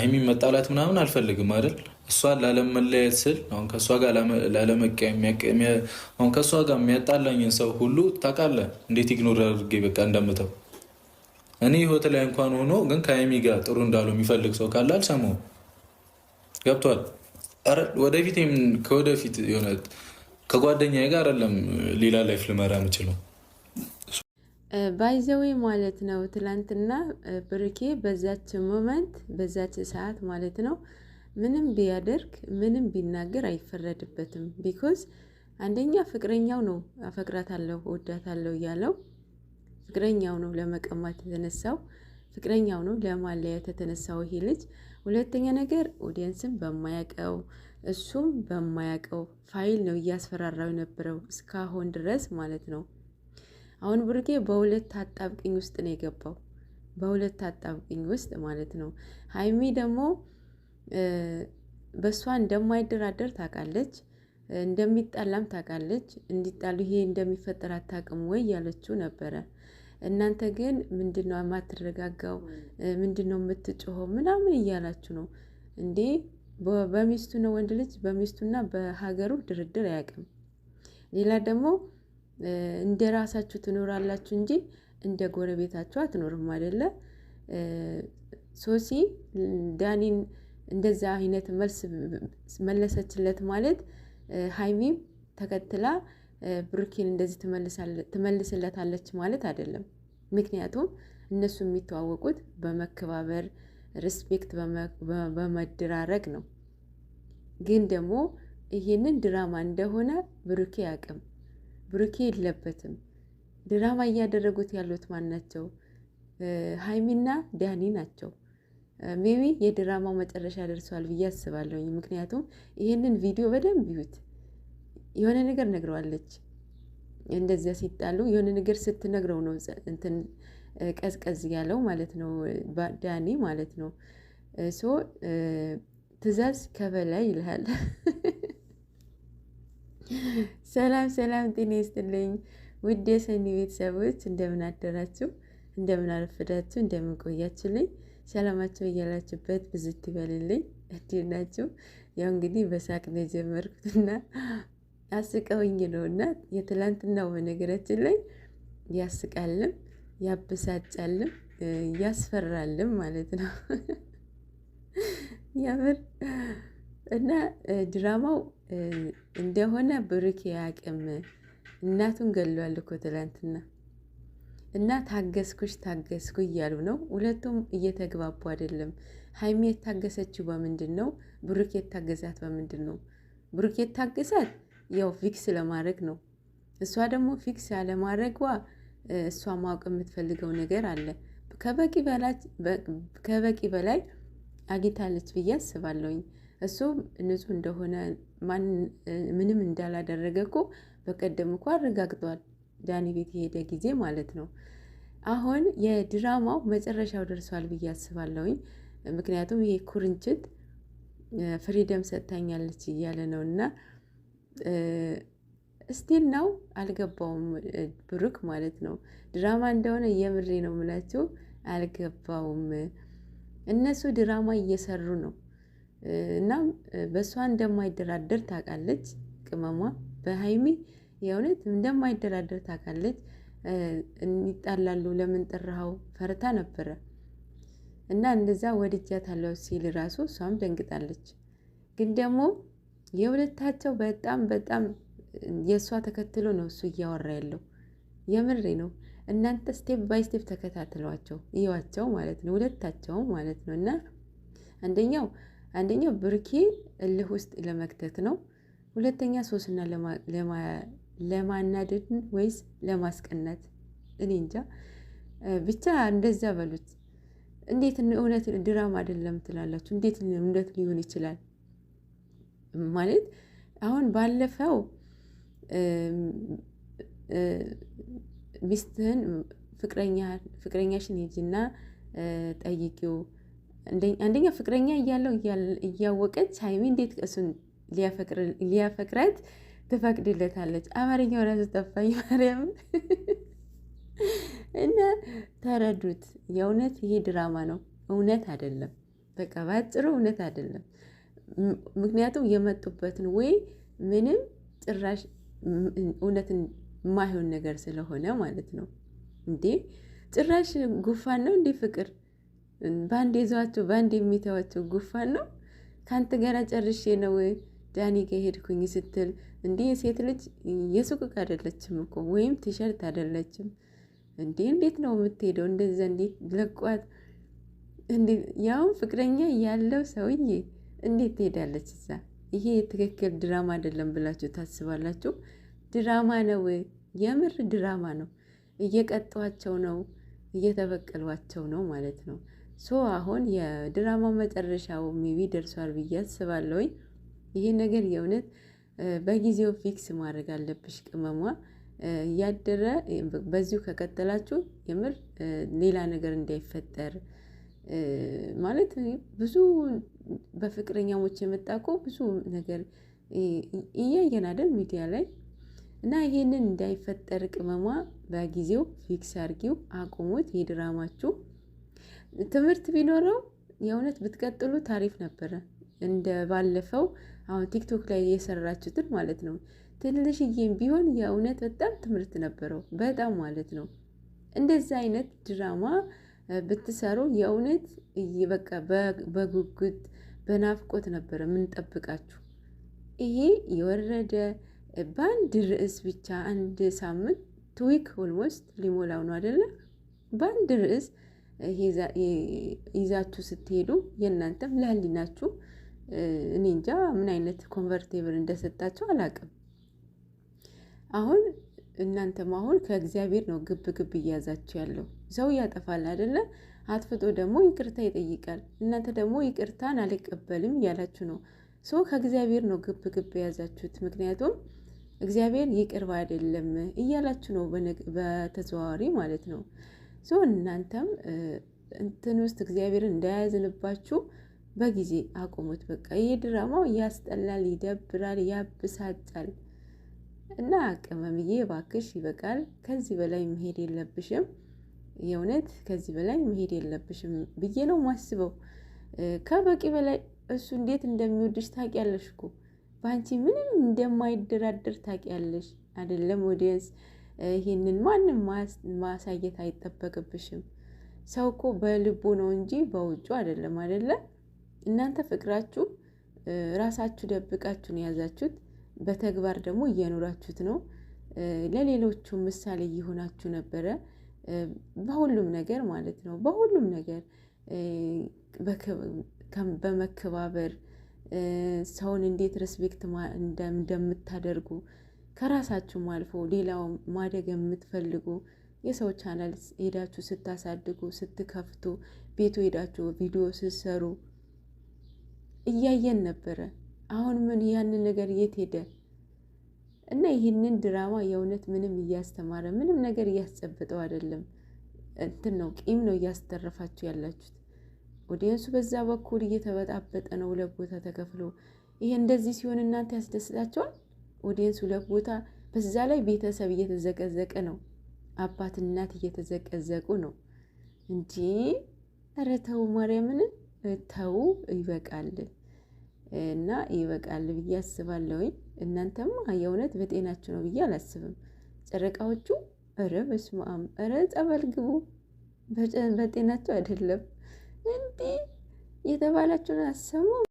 ሀይሚ መጣላት ምናምን አልፈልግም አይደል? እሷን ላለመለያየት ስል አሁን ከእሷ ጋር አሁን ከእሷ ጋር የሚያጣላኝን ሰው ሁሉ ታውቃለህ፣ እንዴት ኢግኖር አድርጌ በቃ እንደምተው እኔ ህይወት ላይ እንኳን ሆኖ ግን ከሀይሚ ጋር ጥሩ እንዳሉ የሚፈልግ ሰው ካለ አልሰማሁም። ገብቷል። ወደፊት ከወደፊት የሆነ ከጓደኛ ጋር አይደለም ሌላ ላይፍ ልመራ የምችለው ባይዘዌ ማለት ነው። ትላንትና ብርኬ በዛች ሞመንት በዛች ሰዓት ማለት ነው ምንም ቢያደርግ ምንም ቢናገር አይፈረድበትም። ቢኮዝ አንደኛ ፍቅረኛው ነው አፈቅራታለሁ ወዳታለሁ እያለው ፍቅረኛው ነው ለመቀማት የተነሳው ፍቅረኛው ነው ለማለያት የተነሳው ይሄ ልጅ። ሁለተኛ ነገር ኦዲየንስም በማያቀው እሱም በማያቀው ፋይል ነው እያስፈራራው የነበረው እስካሁን ድረስ ማለት ነው። አሁን ብሩኬ በሁለት አጣብቅኝ ውስጥ ነው የገባው። በሁለት አጣብቅኝ ውስጥ ማለት ነው። ሀይሚ ደግሞ በእሷ እንደማይደራደር ታውቃለች፣ እንደሚጣላም ታውቃለች። እንዲጣሉ ይሄ እንደሚፈጠር አታውቅም ወይ ያለችው ነበረ። እናንተ ግን ምንድነው የማትረጋጋው? ምንድነው የምትጮኸው? ምናምን እያላችሁ ነው እንዴ? በሚስቱ ነው ወንድ ልጅ በሚስቱና በሀገሩ ድርድር አያውቅም። ሌላ ደግሞ እንደ ራሳችሁ ትኖራላችሁ እንጂ እንደ ጎረቤታችሁ አትኖርም አይደለ? ሶሲ ዳኒን እንደዛ አይነት መልስ መለሰችለት ማለት ሀይሚም ተከትላ ብሩኬን እንደዚህ ትመልስለታለች ማለት አይደለም። ምክንያቱም እነሱ የሚተዋወቁት በመከባበር ሪስፔክት በመደራረግ ነው። ግን ደግሞ ይሄንን ድራማ እንደሆነ ብሩኬ ያቅም ብሩኬ የለበትም። ድራማ እያደረጉት ያሉት ማን ናቸው? ሀይሚና ዳኒ ናቸው። ሜቢ የድራማው መጨረሻ ደርሰዋል ብዬ አስባለሁኝ። ምክንያቱም ይህንን ቪዲዮ በደንብ ይዩት። የሆነ ነገር ነግረዋለች፣ እንደዚያ ሲጣሉ የሆነ ነገር ስትነግረው ነው እንትን ቀዝቀዝ ያለው ማለት ነው፣ ዳኒ ማለት ነው። ሶ ትዕዛዝ ከበላይ ይልሃል። ሰላም ሰላም፣ ጤና ይስጥልኝ ውድ የሰኒ ቤተሰቦች፣ እንደምን አደራችሁ፣ እንደምን አረፈዳችሁ፣ እንደምን ቆያችሁልኝ። ሰላማችሁ እያላችሁበት ብዙ ትበልልኝ። እንዴት ናችሁ? ያው እንግዲህ በሳቅ ነው የጀመርኩትና አስቀውኝ ነው እና የትላንትናው በነገራችን ላይ ያስቃልም ያበሳጫልም ያስፈራልም ማለት ነው ያምር እና ድራማው እንደሆነ ብሩክ ያቅም እናቱን ገሏል እኮ ትላንትና። እና ታገስኩሽ ታገስኩ እያሉ ነው ሁለቱም እየተግባቡ አይደለም። ሀይሚ የታገሰችው በምንድን ነው? ብሩክ የታገዛት በምንድን ነው? ብሩክ የታገዛት ያው ፊክስ ለማድረግ ነው። እሷ ደግሞ ፊክስ ያለማድረጓ እሷ ማወቅ የምትፈልገው ነገር አለ ከበቂ በላይ አግኝታለች ብዬ አስባለሁኝ። እሱ ንጹህ እንደሆነ ምንም እንዳላደረገ እኮ በቀደም እኮ አረጋግጧል። ዳኒ ቤት የሄደ ጊዜ ማለት ነው። አሁን የድራማው መጨረሻው ደርሷል ብዬ አስባለሁኝ። ምክንያቱም ይሄ ኩርንችት ፍሪደም ሰጥታኛለች እያለ ነው እና እስቲል ነው አልገባውም። ብሩክ ማለት ነው ድራማ እንደሆነ የምሬ ነው የምላችሁ አልገባውም። እነሱ ድራማ እየሰሩ ነው እናም በእሷ እንደማይደራደር ታውቃለች። ቅመሟ በሀይሚ የእውነት እንደማይደራደር ታውቃለች። እንጣላሉ ለምን ጠራኸው ፈርታ ነበረ እና እንደዛ ወድጃታለሁ ሲል ራሱ እሷም ደንግጣለች። ግን ደግሞ የሁለታቸው በጣም በጣም የእሷ ተከትሎ ነው እሱ እያወራ ያለው የምሬ ነው። እናንተ ስቴፕ ባይ ስቴፕ ተከታትሏቸው እዩዋቸው ማለት ነው፣ ሁለታቸውም ማለት ነው እና አንደኛው አንደኛው ብርኬ እልህ ውስጥ ለመክተት ነው። ሁለተኛ ሶስና ለማናደድ ወይስ ለማስቀናት እኔ እንጃ ብቻ እንደዛ በሉት። እንዴት እውነት ድራማ አይደለም ትላላችሁ? እንዴት እውነት ሊሆን ይችላል? ማለት አሁን ባለፈው ሚስትህን ፍቅረኛሽን ሂጂና ጠይቂው አንደኛ ፍቅረኛ እያለው እያወቀች ሀይሚ እንዴት እሱን ሊያፈቅራት ትፈቅድለታለች? አማርኛው ራሱ ጠፋኝ ማርያም። እና ተረዱት፣ የእውነት ይሄ ድራማ ነው፣ እውነት አይደለም። በቃ በአጭሩ እውነት አይደለም። ምክንያቱም የመጡበትን ወይ ምንም ጭራሽ እውነትን የማይሆን ነገር ስለሆነ ማለት ነው። እንዴ ጭራሽ ጉፋን ነው እንዴ ፍቅር በአንድ ይዟችሁ በአንድ የሚተዋቸው ጉፋን ነው። ከአንተ ጋር ጨርሼ ነው ዳኒ ጋ ሄድኩኝ ስትል እንዲህ የሴት ልጅ የሱቅ ዕቃ አይደለችም እኮ ወይም ቲሸርት አይደለችም። እንዲህ እንዴት ነው የምትሄደው? እንደዛ እንዴት ለቋት ያውም ፍቅረኛ ያለው ሰውዬ እንዴት ትሄዳለች እዛ? ይሄ ትክክል ድራማ አይደለም ብላችሁ ታስባላችሁ? ድራማ ነው፣ የምር ድራማ ነው። እየቀጧቸው ነው፣ እየተበቀሏቸው ነው ማለት ነው። ሶ አሁን የድራማው መጨረሻው ሜቢ ደርሷል ብዬ አስባለሁኝ። ይሄ ነገር የእውነት በጊዜው ፊክስ ማድረግ አለብሽ ቅመሟ። እያደረ በዚሁ ከቀጠላችሁ የምር ሌላ ነገር እንዳይፈጠር ማለት ብዙ በፍቅረኛሞች የመጣ እኮ ብዙ ነገር እያየን አይደል ሚዲያ ላይ እና ይሄንን እንዳይፈጠር ቅመሟ፣ በጊዜው ፊክስ አርጊው፣ አቁሙት የድራማችሁ ትምህርት ቢኖረው የእውነት ብትቀጥሉ ታሪፍ ነበረ። እንደ ባለፈው አሁን ቲክቶክ ላይ የሰራችሁትን ማለት ነው። ትንሽዬም ቢሆን የእውነት በጣም ትምህርት ነበረው፣ በጣም ማለት ነው። እንደዚህ አይነት ድራማ ብትሰሩ የእውነት በቃ በጉጉት በናፍቆት ነበረ ምንጠብቃችሁ። ይሄ የወረደ በአንድ ርዕስ ብቻ አንድ ሳምንት ትዊክ ኦልሞስት ሊሞላው ነው አይደለ? በአንድ ርዕስ ይዛችሁ ስትሄዱ የእናንተም ለህሊናችሁ እኔ እንጃ ምን አይነት ኮንቨርቴብል እንደሰጣችሁ አላቅም አሁን እናንተም አሁን ከእግዚአብሔር ነው ግብ ግብ እያዛችሁ ያለው። ሰው ያጠፋል አይደለ? አጥፍቶ ደግሞ ይቅርታ ይጠይቃል። እናንተ ደግሞ ይቅርታን አልቀበልም እያላችሁ ነው። ሰው ከእግዚአብሔር ነው ግብ ግብ የያዛችሁት። ምክንያቱም እግዚአብሔር ይቅርባ አይደለም እያላችሁ ነው፣ በተዘዋዋሪ ማለት ነው። ሲሆን እናንተም እንትን ውስጥ እግዚአብሔርን እንዳያዝንባችሁ በጊዜ አቁሙት። በቃ ይህ ድራማው ያስጠላል፣ ይደብራል፣ ያብሳጫል እና ቅመምዬ እባክሽ ይበቃል። ከዚህ በላይ መሄድ የለብሽም የእውነት ከዚህ በላይ መሄድ የለብሽም ብዬ ነው ማስበው። ከበቂ በላይ እሱ እንዴት እንደሚወድሽ ታውቂያለሽ እኮ በአንቺ ምንም እንደማይደራደር ታውቂያለሽ አይደለም ኦዲየንስ ይህንን ማንም ማሳየት አይጠበቅብሽም። ሰው እኮ በልቡ ነው እንጂ በውጩ አይደለም አይደለ? እናንተ ፍቅራችሁ ራሳችሁ ደብቃችሁን የያዛችሁት በተግባር ደግሞ እየኖራችሁት ነው። ለሌሎቹ ምሳሌ እየሆናችሁ ነበረ፣ በሁሉም ነገር ማለት ነው። በሁሉም ነገር በመከባበር ሰውን እንዴት ሬስፔክት እንደምታደርጉ ከራሳችሁም አልፎ ሌላው ማደግ የምትፈልጉ የሰው ቻናል ሄዳችሁ ስታሳድጉ ስትከፍቱ ቤቱ ሄዳችሁ ቪዲዮ ስትሰሩ እያየን ነበረ። አሁን ምን ያንን ነገር የት ሄደ? እና ይህንን ድራማ የእውነት ምንም እያስተማረ ምንም ነገር እያስጨበጠው አይደለም። እንትን ነው ቂም ነው እያስተረፋችሁ ያላችሁት። ኦዲየንሱ በዛ በኩል እየተበጣበጠ ነው፣ ለቦታ ቦታ ተከፍሎ ይሄ እንደዚህ ሲሆን እናንተ ያስደስታቸዋል። ኦዲየንስ ሁለት ቦታ በዛ ላይ ቤተሰብ እየተዘቀዘቀ ነው። አባት እናት እየተዘቀዘቁ ነው። እንዲ ኧረ ተው ማርያምን ተው ይበቃል እና ይበቃል ብዬ አስባለሁኝ። እናንተማ የእውነት በጤናችሁ ነው ብዬ አላስብም። ጨረቃዎቹ ኧረ በስመ አብ ኧረ ጸበል ግቡ። በጤናቸው አይደለም እንዲህ የተባላችሁን አሰሙ።